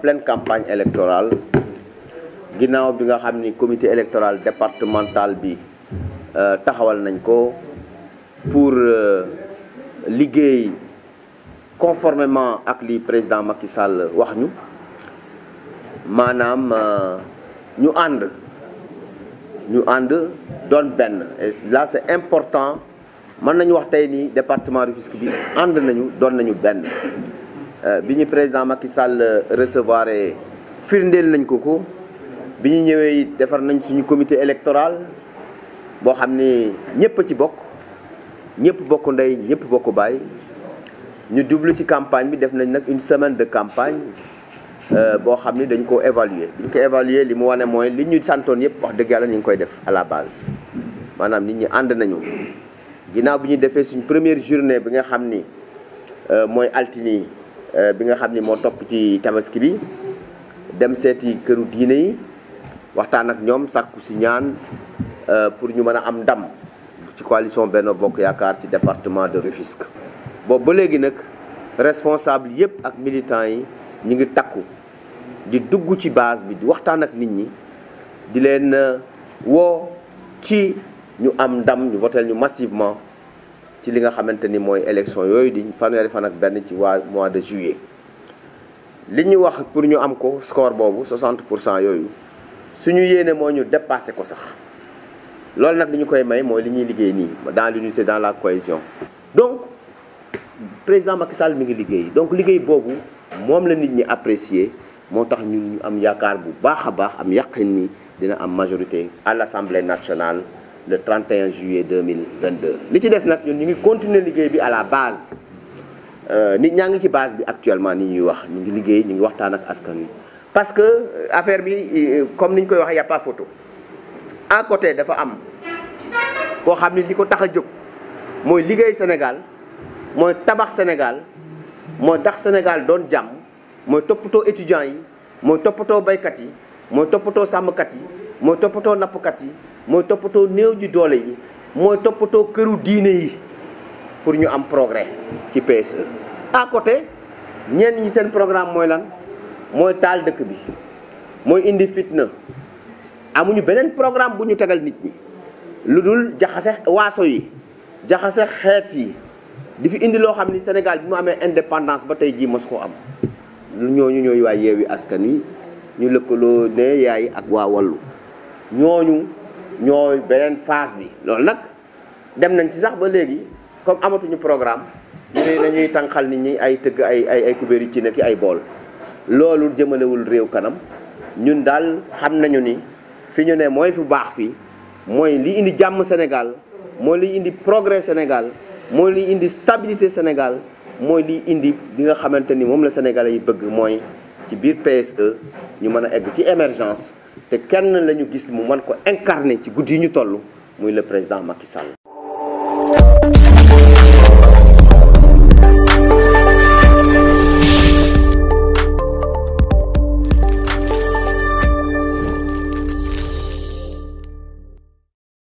pleine campagne électorale le bi nga comité électoral départemental bi euh, tahawal nañ pour euh, liguer conformément ak le président Makissal Sall dit. ñu avons euh, ñu ànd ñu ànd là c'est important Nous avons wax le ni département fisc bi and nañu don nañu euh, biñu président Macky Sall euh, recevoir firndel nañ ko ko bi ñu ñëwee nañ suñu comité électoral bo xamni ñëpp ci bok ñëpp bok nday ñëpp bok bay ñu double ci campagne bi def nañ nak une semaine de campagne euh, boo xam ni dañ ko évaluer biñ ko évaluer li mu moy li ñu santone yépp wax deug yalla ñu koy def à la base manam nit ñi and nañu ginaaw bi ñu defee première journée bi nga xamni ni altini Euh, bi nga xam ni moo topp ci tabaski bi dem seeti këru diine yi waxtaan ak ñoom sàkku si ñaan euh, pour ñu mën a am ndam ci coalition Benno Bokk Yaakaar ci département de Rufisque. boobu ba léegi nag responsable yëpp ak militants yi ñu ngi takku di dugg ci base bi di waxtaan ak nit ñi di leen euh, woo ci ñu am ndam ñu votel ñu massivement. ci li nga xamante ni mooy élection yooyu di fanweeri fan ak benn ci waa mois de juillet li ñu wax pour ñu am ko score boobu 60 pour cent yooyu suñu yéene moo ñu dépassé ko sax loolu nag li ñu koy may mooy li ñuy liggéey nii dans l'unité dans la cohésion donc président Macky Sall mi ngi liggéey donc liggéey boobu moom la nit ñi apprécier moo tax ñun ñu am yaakaar bu baax a baax am yàqin ni dina am majorité à l'Assemblée nationale le 31 juillet 2022 li ci des nag ñun ñu ngi continuer liggéey bi à la base euh, nit ñaa ngi ci base bi actuellement ni ñuy wax ñu ngi liggéey ñu ngi waxtaan ak askan parce que euh, affaire bi euh, comme ni ñu koy waxee y a pas photo à côté dafa am koo xam ni li ko tax a jóg mooy liggéey Sénégal mooy tabax Sénégal mooy tax Sénégal doon jam, mooy toppatoo étudiants yi mooy toppatoo baykat yi mooy toppatoo sàmmkat yi mooy toppatoo nappkat yi mooy toppatoo néew ji doole yi mooy toppatoo këru diine yi pour ñu am progrès ci PSE. à côté ñi seen programme mooy lan mooy taal dëkk bi mooy indi fitna amuñu beneen programme bu ñu tegal nit ñi lu dul jaxase waaso yi jaxase xeet yi di fi indi loo xam ni Sénégal bi mu amee indépendance ba tey jii mos koo am lu ñooñu ñooy waa yeewi askan wi ñu lëkkaloo ne yaay ak waawallu wallu ñooñu. ñoo beneen phase bi loolu nag dem nañ ci sax ba léegi comme amatuñu programme ñu ne dañuy tànqal nit ñi ay tëgg ay ay ay kubéer yi ci nekk ay bool loolu jëmalewul réew kanam ñun daal xam nañu ni fi ñu ne mooy fu baax fii mooy li indi jàmm Sénégal mooy liy indi progrès Sénégal mooy liy indi stabilité Sénégal mooy liy indi li nga xamante ni moom la Sénégalais yi bëgg mooy ci biir PSE ñu mëna a egg ci émergence té kenn lañu ñu gis mu man ko incarner ci guddi ñu tollu muy le président Macky Sall